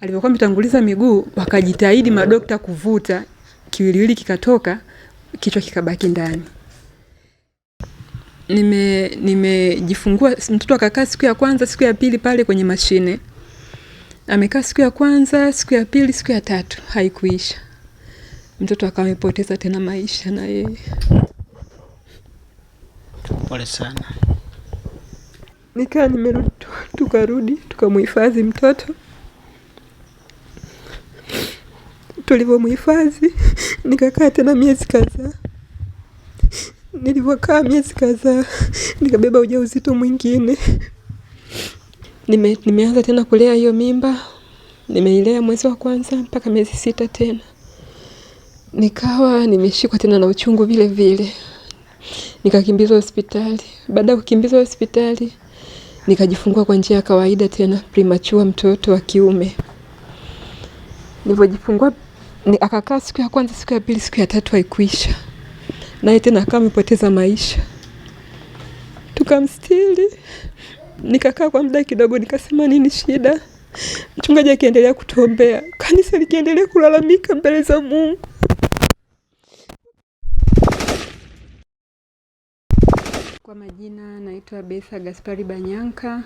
alivyokuwa ametanguliza miguu, wakajitahidi madokta kuvuta, kiwiliwili kikatoka, kichwa kikabaki ndani. Nime nimejifungua mtoto akakaa siku ya kwanza, siku ya pili pale kwenye mashine amekaa siku ya kwanza, siku ya pili, siku ya tatu, haikuisha. Mtoto akawa amepoteza tena maisha na yeye. Pole sana. Nikaa nimerudi tukarudi tukamhifadhi mtoto tulivyomhifadhi. Nikakaa tena miezi kadhaa. Nilivyokaa miezi kadhaa, nikabeba ujauzito mwingine. Nime, nimeanza tena kulea hiyo mimba, nimeilea mwezi wa kwanza mpaka miezi sita tena nikawa nimeshikwa tena na uchungu vile vile, nikakimbizwa hospitali. Baada ya kukimbizwa hospitali, nikajifungua kwa njia ya kawaida tena primachua mtoto wa kiume. Nilipojifungua akakaa siku ya kwanza, siku ya pili, siku ya tatu haikuisha, naye tena akawa amepoteza maisha. Tukamstiri, nikakaa kwa muda kidogo, nikasema nini shida. Mchungaji akiendelea kutuombea, kanisa likiendelea kulalamika mbele za Mungu. Kwa majina naitwa Betha Gaspari Banyanka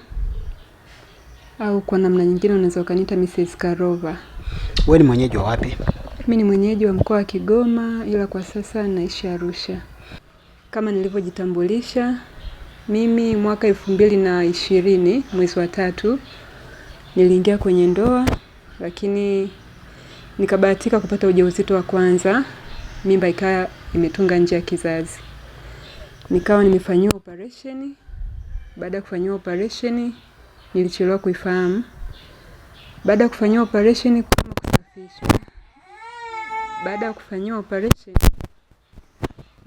au kwa namna nyingine unaweza ukaniita Mrs. Karova. Wewe ni mwenyeji wa wapi? Mimi ni mwenyeji wa mkoa wa Kigoma ila kwa sasa naishi Arusha. Kama nilivyojitambulisha, mimi mwaka elfu mbili na ishirini mwezi wa tatu niliingia kwenye ndoa, lakini nikabahatika kupata ujauzito wa kwanza, mimba ikawa imetunga nje ya kizazi, nikawa nimefanyiwa operesheni. Baada ya kufanyiwa operesheni, nilichelewa kuifahamu. Baada ya kufanyiwa operesheni kusafishwa. Baada ya kufanyiwa operation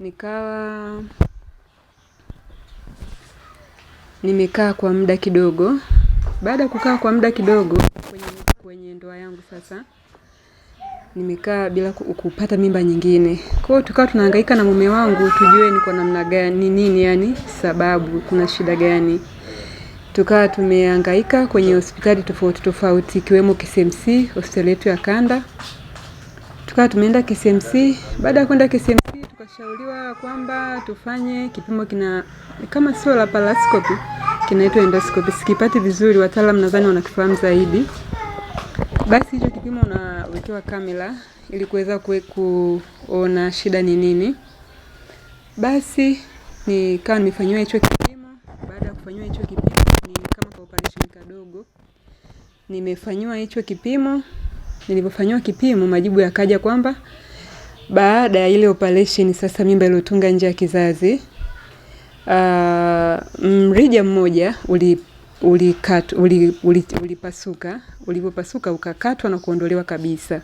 nikawa nimekaa kwa muda kidogo. Baada ya kukaa kwa muda kidogo kwenye, kwenye ndoa yangu sasa nimekaa bila kupata mimba nyingine. Kwa hiyo tukawa tunahangaika na mume wangu tujue ni kwa namna gani, ni nini yani sababu, kuna shida gani tukawa tumehangaika kwenye hospitali tofauti tofauti ikiwemo KCMC, hospitali yetu ya kanda. Tukawa tumeenda KCMC. Baada ya kwenda KCMC, tukashauriwa kwamba tufanye kipimo kina kama sio laparoscopy, kinaitwa endoscopy. Sikipati vizuri, wataalamu nadhani wanakifahamu zaidi. Basi hicho kipimo unawekewa kamera ili kuweza kuona shida ni nini. Basi nikawa nimefanyiwa hicho kipimo. Baada ya kufanyiwa hicho kidogo. Nimefanyiwa hicho kipimo. Nilivyofanyiwa kipimo, majibu yakaja kwamba baada ya ile operation, sasa mimba iliyotunga nje ya kizazi uh, mrija mmoja uli ulikat uli, uli, uli Ulipopasuka ukakatwa na kuondolewa kabisa.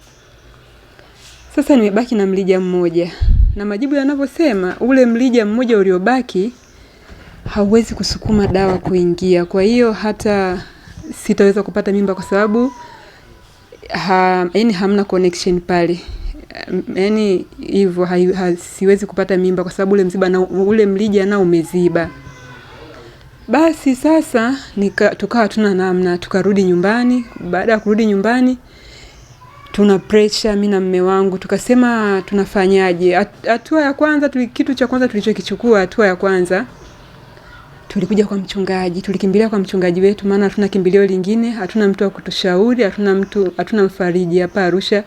Sasa nimebaki na mrija mmoja, na majibu yanavyosema ule mrija mmoja uliobaki hauwezi kusukuma dawa kuingia, kwa hiyo hata sitaweza kupata mimba kwa sababu ha, yani hamna connection pale yani hivyo ha, siwezi kupata mimba kwa sababu ule mziba na ule mlija nao umeziba. Basi sasa nika, tukawa tuna namna, tukarudi nyumbani. Baada ya kurudi nyumbani, tuna pressure mimi na mume wangu, tukasema tunafanyaje? Hatua ya kwanza tuli, kitu cha kwanza tulichokichukua hatua ya kwanza tulikuja kwa mchungaji, tulikimbilia kwa mchungaji wetu, maana hatuna kimbilio lingine, hatuna mtu wa kutushauri, hatuna mtu, hatuna mfariji hapa Arusha.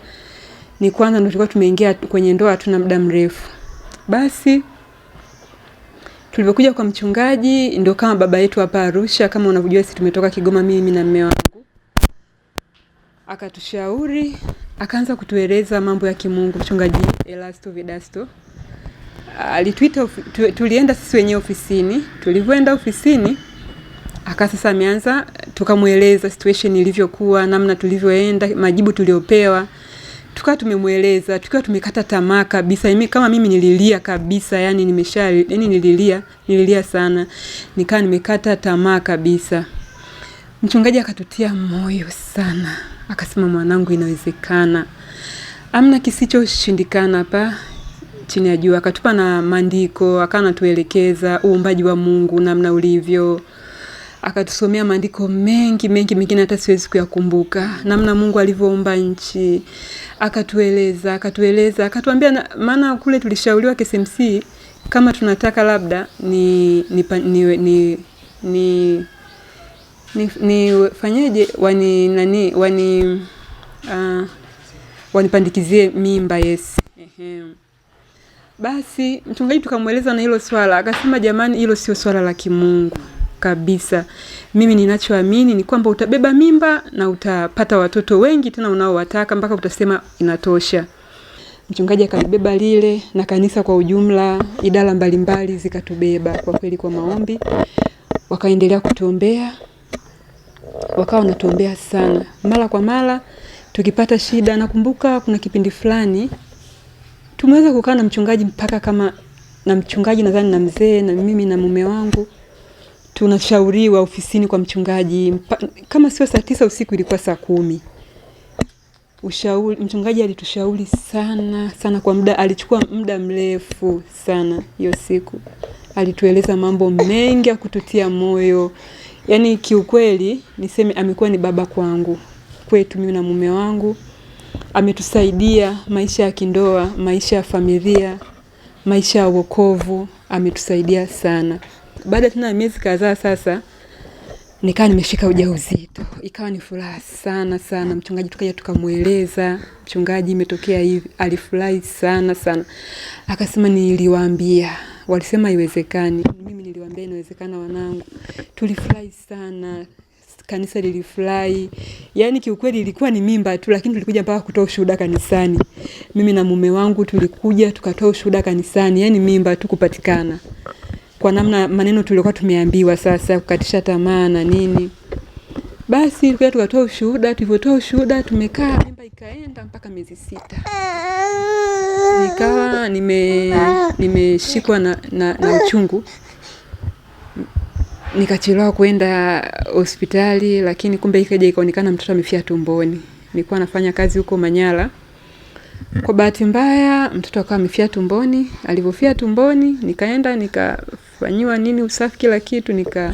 Ni kwanza ndio tulikuwa tumeingia kwenye ndoa, hatuna muda mrefu. Basi tulivyokuja kwa mchungaji, ndio kama baba yetu hapa Arusha, kama unavyojua sisi tumetoka Kigoma, mimi na mume wangu, akatushauri, akaanza kutueleza mambo ya kimungu, mchungaji Elasto Vidasto alituita, tulienda sisi wenye ofisini. Tulivyoenda ofisini aka sasa ameanza, tukamweleza situation ilivyokuwa, namna tulivyoenda, majibu tuliopewa, tukawa tumemweleza tukiwa tumekata tamaa kabisa. Mimi kama mimi nililia kabisa, yani nimesha, yani nililia, nililia sana, nikawa nimekata tamaa kabisa. Mchungaji akatutia moyo sana, akasema mwanangu, inawezekana, amna kisichoshindikana hapa chini ya jua, akatupa na maandiko, akawa anatuelekeza uumbaji wa Mungu namna ulivyo, akatusomea maandiko mengi mengi, mengine hata siwezi kuyakumbuka, namna Mungu alivyoumba nchi, akatueleza akatueleza, akatuambia, maana kule tulishauriwa KSMC kama tunataka labda ni ni ni, ni, ni nifanyeje ni, wani nani wani uh, wanipandikizie mimba. Yes, ehem. Basi mchungaji tukamweleza na hilo swala, akasema jamani, hilo sio swala la kimungu kabisa. Mimi ninachoamini ni kwamba utabeba mimba na utapata watoto wengi tena unaowataka mpaka utasema inatosha. Mchungaji akalibeba lile na kanisa kwa ujumla, idara mbalimbali zikatubeba kwa kweli, kwa maombi wakaendelea kutuombea, wakawa wanatuombea sana mara kwa mara tukipata shida. Nakumbuka kuna kipindi fulani Tumeweza kukaa na mchungaji mpaka kama na mchungaji nadhani na mzee na mimi na mume wangu tunashauriwa ofisini kwa mchungaji mpa, kama sio saa tisa usiku ilikuwa saa kumi. Ushauri mchungaji alitushauri sana sana, kwa muda alichukua muda mrefu sana hiyo siku, alitueleza mambo mengi ya kututia moyo. Yaani kiukweli niseme amekuwa ni baba kwangu kwetu, mimi na mume wangu ametusaidia maisha ya kindoa, maisha ya familia, maisha ya wokovu, ametusaidia sana. Baada tena ya miezi kadhaa sasa nikawa nimeshika ujauzito, ikawa ni furaha sana sana. Mchungaji tukaja tukamweleza mchungaji, imetokea hivi. Alifurahi sana sana, akasema niliwaambia, walisema iwezekani. mimi niliwaambia inawezekana, wanangu. Tulifurahi sana kanisa lilifurahi. Yaani kiukweli ilikuwa ni mimba tu, lakini tulikuja mpaka kutoa ushuhuda kanisani. Mimi na mume wangu tulikuja tukatoa ushuhuda kanisani, yaani mimba tu kupatikana kwa namna maneno tuliokuwa tumeambiwa, sasa kukatisha tamaa na nini. Basi tulikuja tukatoa ushuhuda, tulivyotoa ushuhuda tumekaa, mimba ikaenda mpaka miezi sita nikawa nime nimeshikwa na, na, na uchungu nikachelewa kwenda hospitali, lakini kumbe ikaja ikaonekana mtoto amefia tumboni. Nilikuwa nafanya kazi huko Manyara. Kwa bahati mbaya mtoto akawa amefia tumboni. Alivyofia tumboni, nikaenda nikafanyiwa nini, usafi, kila kitu, nika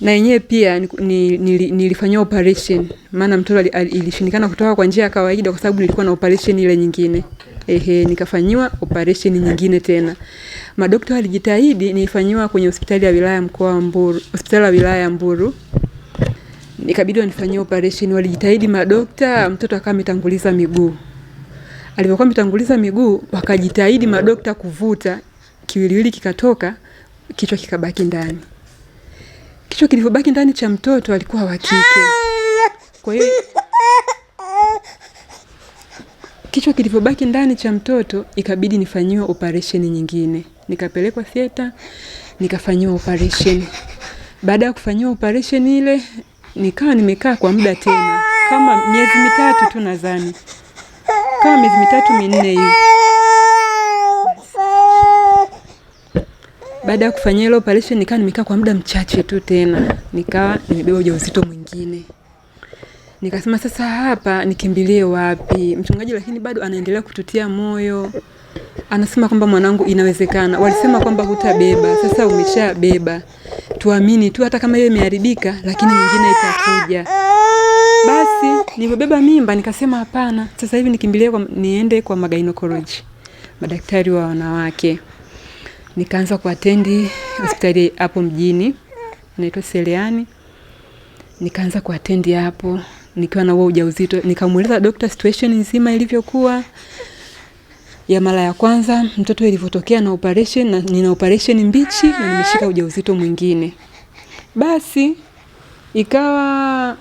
na yenyewe pia nilifanyia operation, maana mtoto ilishindikana kutoka kwa njia ya kawaida, kwa sababu nilikuwa na operation ile nyingine ehe, nikafanyiwa operation nyingine tena. Madokta walijitahidi nifanyiwa kwenye hospitali ya wilaya mkoa wa Mbulu, hospitali ya wilaya ya Mbulu. Nikabidi wanifanyie operation, walijitahidi madokta, mtoto akawa ametanguliza miguu. Alipokuwa ametanguliza miguu, wakajitahidi madokta kuvuta, kiwiliwili kikatoka, kichwa kikabaki ndani. Kichwa kilivyobaki ndani cha mtoto alikuwa wa kike. Kwa hiyo Kichwa kilivyobaki ndani cha mtoto ikabidi nifanyiwe operesheni nyingine, nikapelekwa theater nikafanyiwa operesheni. Baada ya kufanyiwa operesheni ile, nikawa nimekaa kwa muda tena kama miezi mitatu tu, nadhani kama miezi mitatu minne hivi. Baada ya kufanyia ile operation, nikawa nimekaa kwa muda mchache tu tena, nikawa nimebeba ujauzito mwingine. Nikasema sasa hapa nikimbilie wapi? Mchungaji lakini bado anaendelea kututia moyo, anasema kwamba mwanangu, inawezekana. Walisema kwamba hutabeba, sasa umeshabeba, tuamini tu, hata kama hiyo imeharibika, lakini nyingine itakuja. Basi nilipobeba mimba nikasema hapana, sasa hivi nikimbilie kwa, niende kwa magynecology, madaktari wa wanawake. Nikaanza kuatendi hospitali hapo mjini, naitwa Seleani, nikaanza kuatendi hapo nikiwa na huo ujauzito, nikamuuliza dokta situation nzima ilivyokuwa ya mara ya kwanza mtoto ilivyotokea na operation na nina operation mbichi na nimeshika ujauzito mwingine. Basi ikawa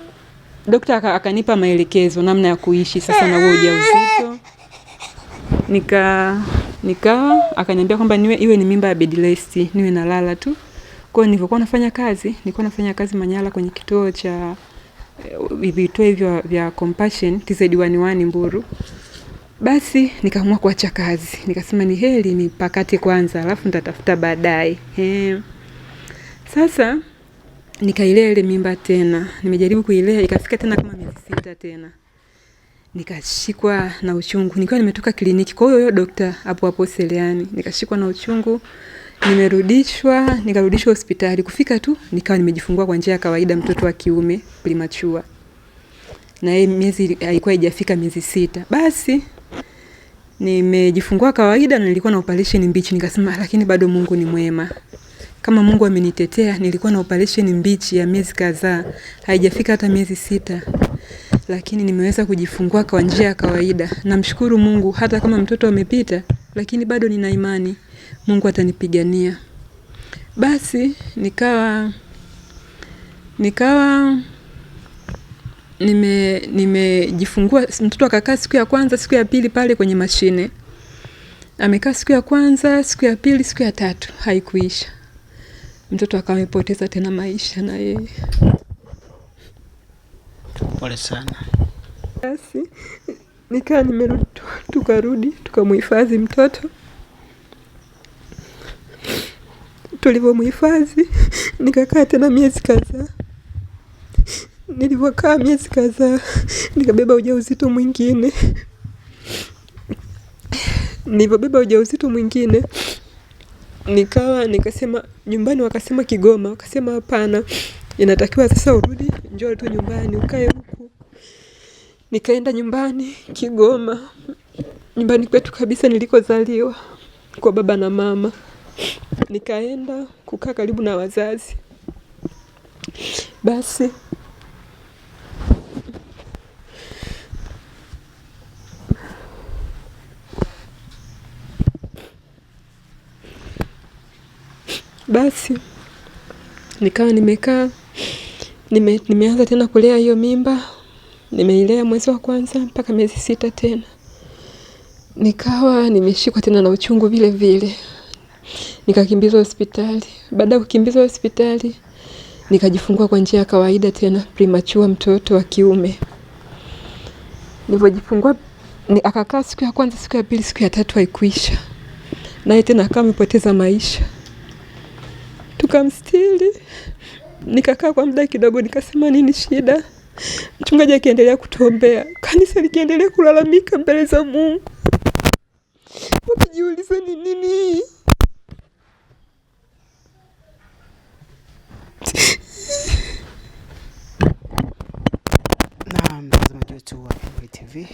dokta akanipa maelekezo namna ya kuishi sasa na huo ujauzito. Nika nikawa akaniambia kwamba niwe iwe ni mimba ya bed rest, niwe nalala tu. Kwa hiyo nilivyokuwa nafanya kazi, nilikuwa nafanya kazi Manyara kwenye kituo cha Eh, vituo hivyo vya compassion TZ1 Mburu. Basi nikaamua kuacha kazi, nikasema ni heri nipakate kwanza, alafu nitatafuta baadaye. Eh. Sasa nikailea ile mimba tena, nimejaribu kuilea, ikafika tena kama miezi sita tena nikashikwa na uchungu nikiwa nimetoka kliniki. Kwa hiyo dokta hapo hapo Seliani, nikashikwa na uchungu Nimerudishwa, nikarudishwa hospitali. Kufika tu nikawa nimejifungua kwa njia ya kawaida mtoto wa kiume premature. Na yeye miezi haikuwa haijafika miezi sita. Basi nimejifungua kawaida na nilikuwa na operation mbichi, nikasema lakini bado Mungu ni mwema. Kama Mungu amenitetea, nilikuwa na operation mbichi ya miezi kadhaa, haijafika hata miezi sita. Lakini nimeweza kujifungua kwa njia ya kawaida. Namshukuru Mungu hata kama mtoto amepita, lakini bado nina imani. Mungu atanipigania. Basi nikawa nikawa nime nimejifungua. Mtoto akakaa siku ya kwanza, siku ya pili pale kwenye mashine, amekaa siku ya kwanza, siku ya pili, siku ya tatu, haikuisha. Mtoto akawa amepoteza tena maisha na yeye. Pole sana. Basi nikaa nimerudi, tukarudi tukamhifadhi mtoto. tulivyomhifadhi. Nikakaa tena miezi kadhaa. Nilivyokaa miezi kadhaa, nikabeba ujauzito mwingine. Nilivyobeba ujauzito mwingine, nikawa nikasema nyumbani, wakasema Kigoma, wakasema hapana, inatakiwa sasa urudi, njoo tu nyumbani ukae huku. Nikaenda nyumbani Kigoma, nyumbani kwetu kabisa nilikozaliwa kwa baba na mama nikaenda kukaa karibu na wazazi. Basi basi nikawa nimekaa nime, nimeanza tena kulea hiyo mimba, nimeilea mwezi wa kwanza mpaka miezi sita, tena nikawa nimeshikwa tena na uchungu vile vile nikakimbizwa hospitali. Baada ya kukimbizwa hospitali, nikajifungua kwa njia ya kawaida tena premature, mtoto wa kiume. Nilipojifungua akakaa siku ya kwanza, siku ya pili, siku ya tatu haikuisha, naye tena akawa amepoteza maisha. Tukamstiri, nikakaa kwa muda kidogo, nikasema nini shida. Mchungaji akiendelea kutuombea, kanisa likiendelea kulalamika mbele za Mungu, wakijiuliza ni nini na mtazamaji wetu wa TV,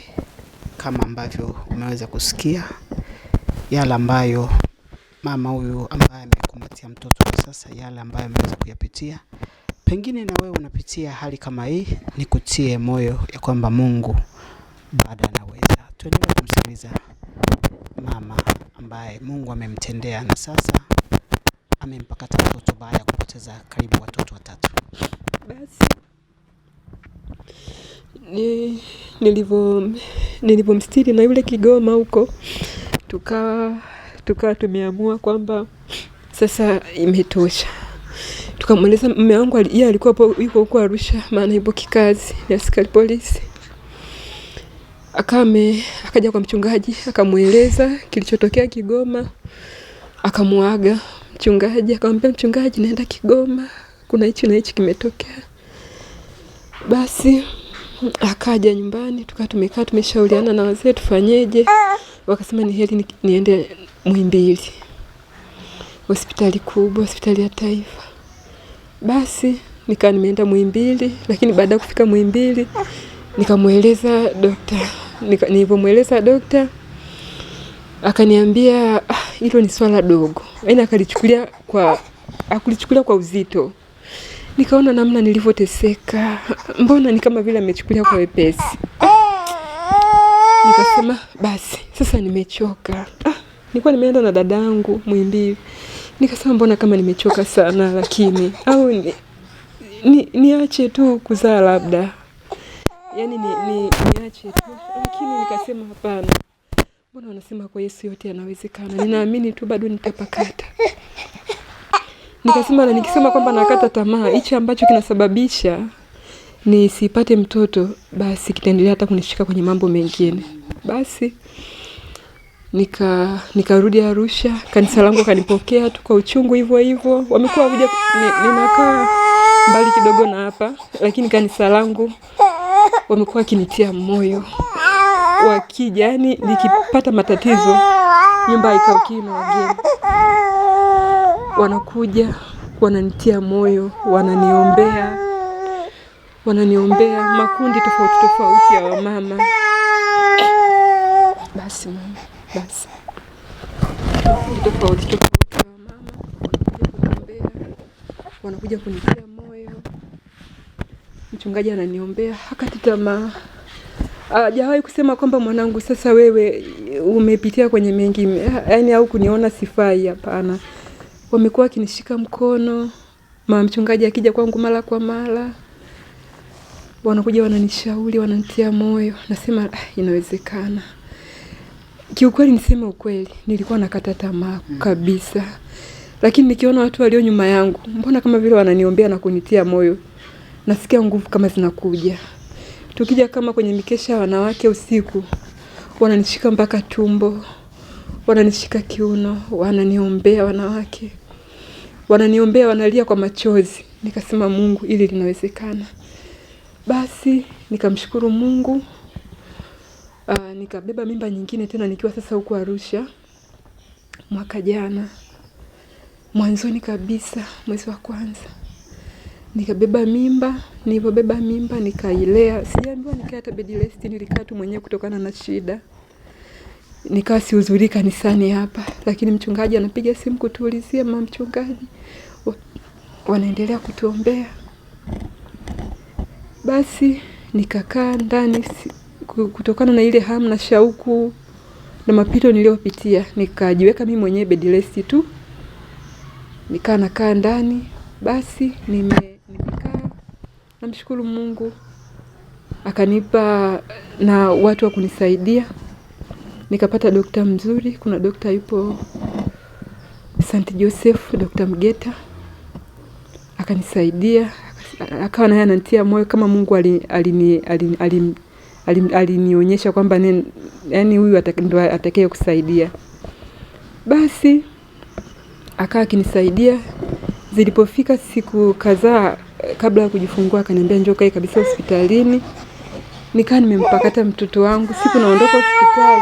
kama ambavyo umeweza kusikia yale ambayo mama huyu ambaye amekumbatia mtoto kwa sasa, yale ambayo ameweza kuyapitia. Pengine na wewe unapitia hali kama hii, ni kutie moyo ya kwamba Mungu bado anaweza. Tuendelee kumsikiliza mama ambaye Mungu amemtendea na sasa amempakata mtoto baada ya kupoteza karibu watoto watatu. Basi ni, nilivyo nilivyomstiri na yule Kigoma huko, tukawa tukawa tumeamua kwamba sasa imetosha. Tukamweleza mume wangu, yeye alikuwa yuko huko Arusha, maana yupo kikazi, ni askari polisi. Akame akaja kwa mchungaji, akamweleza kilichotokea Kigoma, akamuaga mchungaji, akamwambia mchungaji, naenda Kigoma, kuna hichi na hichi kimetokea. Basi akaja nyumbani, tukaa tumekaa tumeshauriana na wazee tufanyeje, wakasema ni heri niende Muhimbili, hospitali kubwa, hospitali ya taifa. Basi nikaa nimeenda Muhimbili, lakini baada ya kufika Muhimbili nikamweleza dokta, nilivyomweleza dokta akaniambia ah, hilo ni swala dogo, yaani akalichukulia kwa akulichukulia kwa uzito. Nikaona namna nilivyoteseka, mbona ni kama vile amechukulia kwa wepesi. Nikasema basi sasa nimechoka. Ah, nilikuwa nimeenda na dadangu mwimbi nikasema mbona kama nimechoka sana, lakini au ni, ni, niache tu kuzaa labda, yaani ni, ni, niache tu, lakini nikasema hapana. Mbona wanasema kwa Yesu yote yanawezekana? Ninaamini tu bado nitapakata. Nikasema na nikisema kwamba nakata tamaa, hichi ambacho kinasababisha nisipate mtoto, basi kitaendelea hata kunishika kwenye mambo mengine. Basi nika nikarudi Arusha, kanisa langu kanipokea tu kwa uchungu hivyo hivyo. Wamekuwa wakuja, ninakaa mbali kidogo na hapa, lakini kanisa langu wamekuwa wakinitia moyo wakija, yani nikipata matatizo nyumba haikauki na wageni wanakuja wananitia moyo, wananiombea, wananiombea makundi tofauti tofauti ya wamama. Basi mama, basi makundi tofauti tofauti ya wamama wanakuja kuniombea, wanakuja kunitia moyo. Mchungaji ananiombea hakati tamaa hajawahi kusema kwamba mwanangu, sasa wewe umepitia kwenye mengi yaani, au kuniona sifai. Hapana, wamekuwa wakinishika mkono, mama mchungaji akija kwangu mara kwa mara, wanakuja wananishauri, wanantia moyo, nasema ah, inawezekana. Kiukweli niseme ukweli, nilikuwa nakata tamaa mm. kabisa, lakini nikiona watu walio nyuma yangu, mbona kama vile wananiombea na kunitia moyo, nasikia nguvu kama zinakuja Tukija kama kwenye mikesha ya wanawake usiku, wananishika mpaka tumbo, wananishika kiuno, wananiombea wanawake, wananiombea, wanalia kwa machozi. Nikasema Mungu, ili linawezekana. Basi nikamshukuru Mungu. Uh, nikabeba mimba nyingine tena nikiwa sasa huko Arusha mwaka jana, mwanzoni kabisa mwezi wa kwanza nikabeba mimba, nilipobeba mimba nikailea, sijaambiwa nikae hata bed rest, nilikaa tu mwenyewe kutokana na shida. Nikawa sihudhurii kanisani hapa, lakini mchungaji anapiga simu kutuulizia, mama mchungaji, wanaendelea kutuombea. Basi nikakaa ndani, kutokana na ile hamu na shauku na mapito niliyopitia, nikajiweka mimi mwenyewe bed rest tu, nikaa nakaa ndani, basi nime Namshukuru Mungu akanipa na watu wa kunisaidia, nikapata dokta mzuri. Kuna dokta yupo St. Joseph, Dokta Mgeta akanisaidia, akawa naye anantia moyo kama Mungu alinionyesha kwamba yani huyu ndo atakaye kusaidia. Basi akawa akinisaidia, zilipofika siku kadhaa kabla ya kujifungua akaniambia njoo kae kabisa hospitalini. Nikaa nimempakata mtoto wangu, siku naondoka hospitali,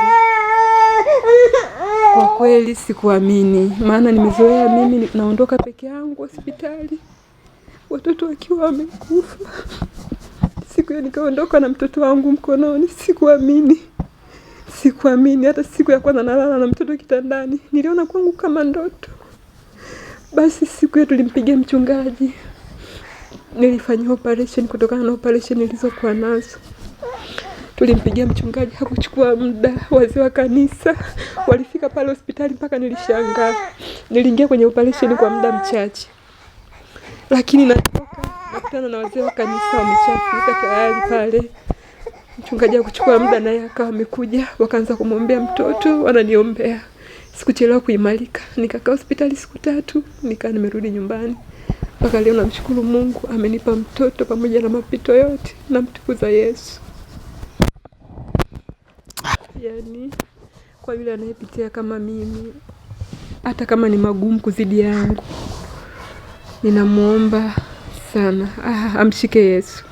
kwa kweli sikuamini, maana nimezoea mimi naondoka peke yangu hospitali watoto wakiwa wamekufa. Siku hiyo nikaondoka na mtoto wangu mkononi, sikuamini, sikuamini. Hata siku ya kwanza nalala na mtoto kitandani, niliona kwangu kama ndoto. Basi siku hiyo tulimpigia mchungaji nilifanyiwa operation. Kutokana na operation nilizokuwa nazo, tulimpigia mchungaji, hakuchukua muda. Wazee wa kanisa walifika pale hospitali mpaka nilishangaa. Niliingia kwenye operation kwa muda mchache, lakini natoka nakutana na wazee wa kanisa wameshafika tayari pale mchungaji akuchukua muda naye akawa amekuja, wakaanza kumwombea mtoto, wananiombea. Sikuchelewa kuimarika, nikakaa hospitali siku tatu, nikaa nimerudi nyumbani. Mpaka leo namshukuru Mungu amenipa mtoto pamoja na mapito yote, namtukuza Yesu. Yani kwa yule anayepitia kama mimi, hata kama ni magumu kuzidi yangu, ninamwomba sana ah, amshike Yesu,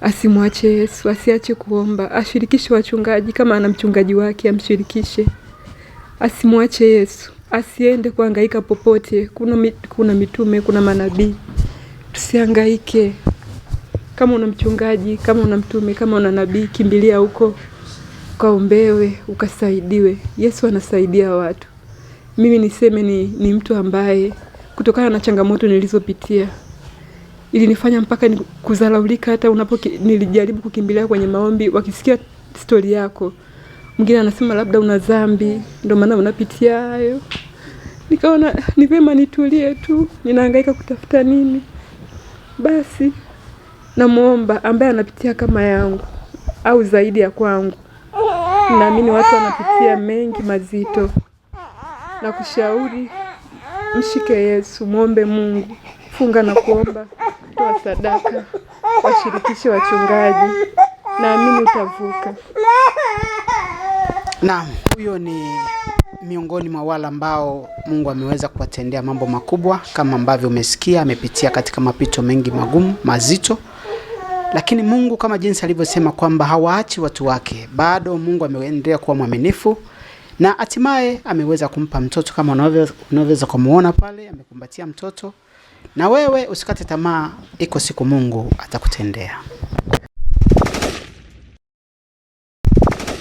asimwache Yesu, asiache kuomba, ashirikishe wachungaji kama ana mchungaji wake, amshirikishe, asimwache Yesu asiende kuangaika popote. Kuna, kuna mitume, kuna manabii, tusiangaike Kama una mchungaji, kama una mtume, kama una nabii, kimbilia huko ukaombewe, ukasaidiwe. Yesu anasaidia watu. Mimi niseme ni, ni mtu ambaye kutokana na changamoto nilizopitia ilinifanya mpaka kuzalaulika. Hata unapo nilijaribu kukimbilia kwenye maombi, wakisikia stori yako, mwingine anasema labda una dhambi, ndio maana unapitia hayo nikaona ni vema nitulie tu, ninahangaika kutafuta nini. Basi namwomba ambaye anapitia kama yangu au zaidi ya kwangu, naamini watu wanapitia mengi mazito, na kushauri mshike Yesu, mwombe Mungu, funga na kuomba, toa sadaka, washirikishe wachungaji, naamini utavuka. Naam, huyo ni miongoni mwa wale ambao Mungu ameweza kuwatendea mambo makubwa kama ambavyo umesikia, amepitia katika mapito mengi magumu mazito, lakini Mungu kama jinsi alivyosema kwamba hawaachi watu wake, bado Mungu ameendelea kuwa mwaminifu na hatimaye ameweza kumpa mtoto kama unavyoweza kumuona pale, amekumbatia mtoto. Na wewe usikate tamaa, iko siku Mungu atakutendea.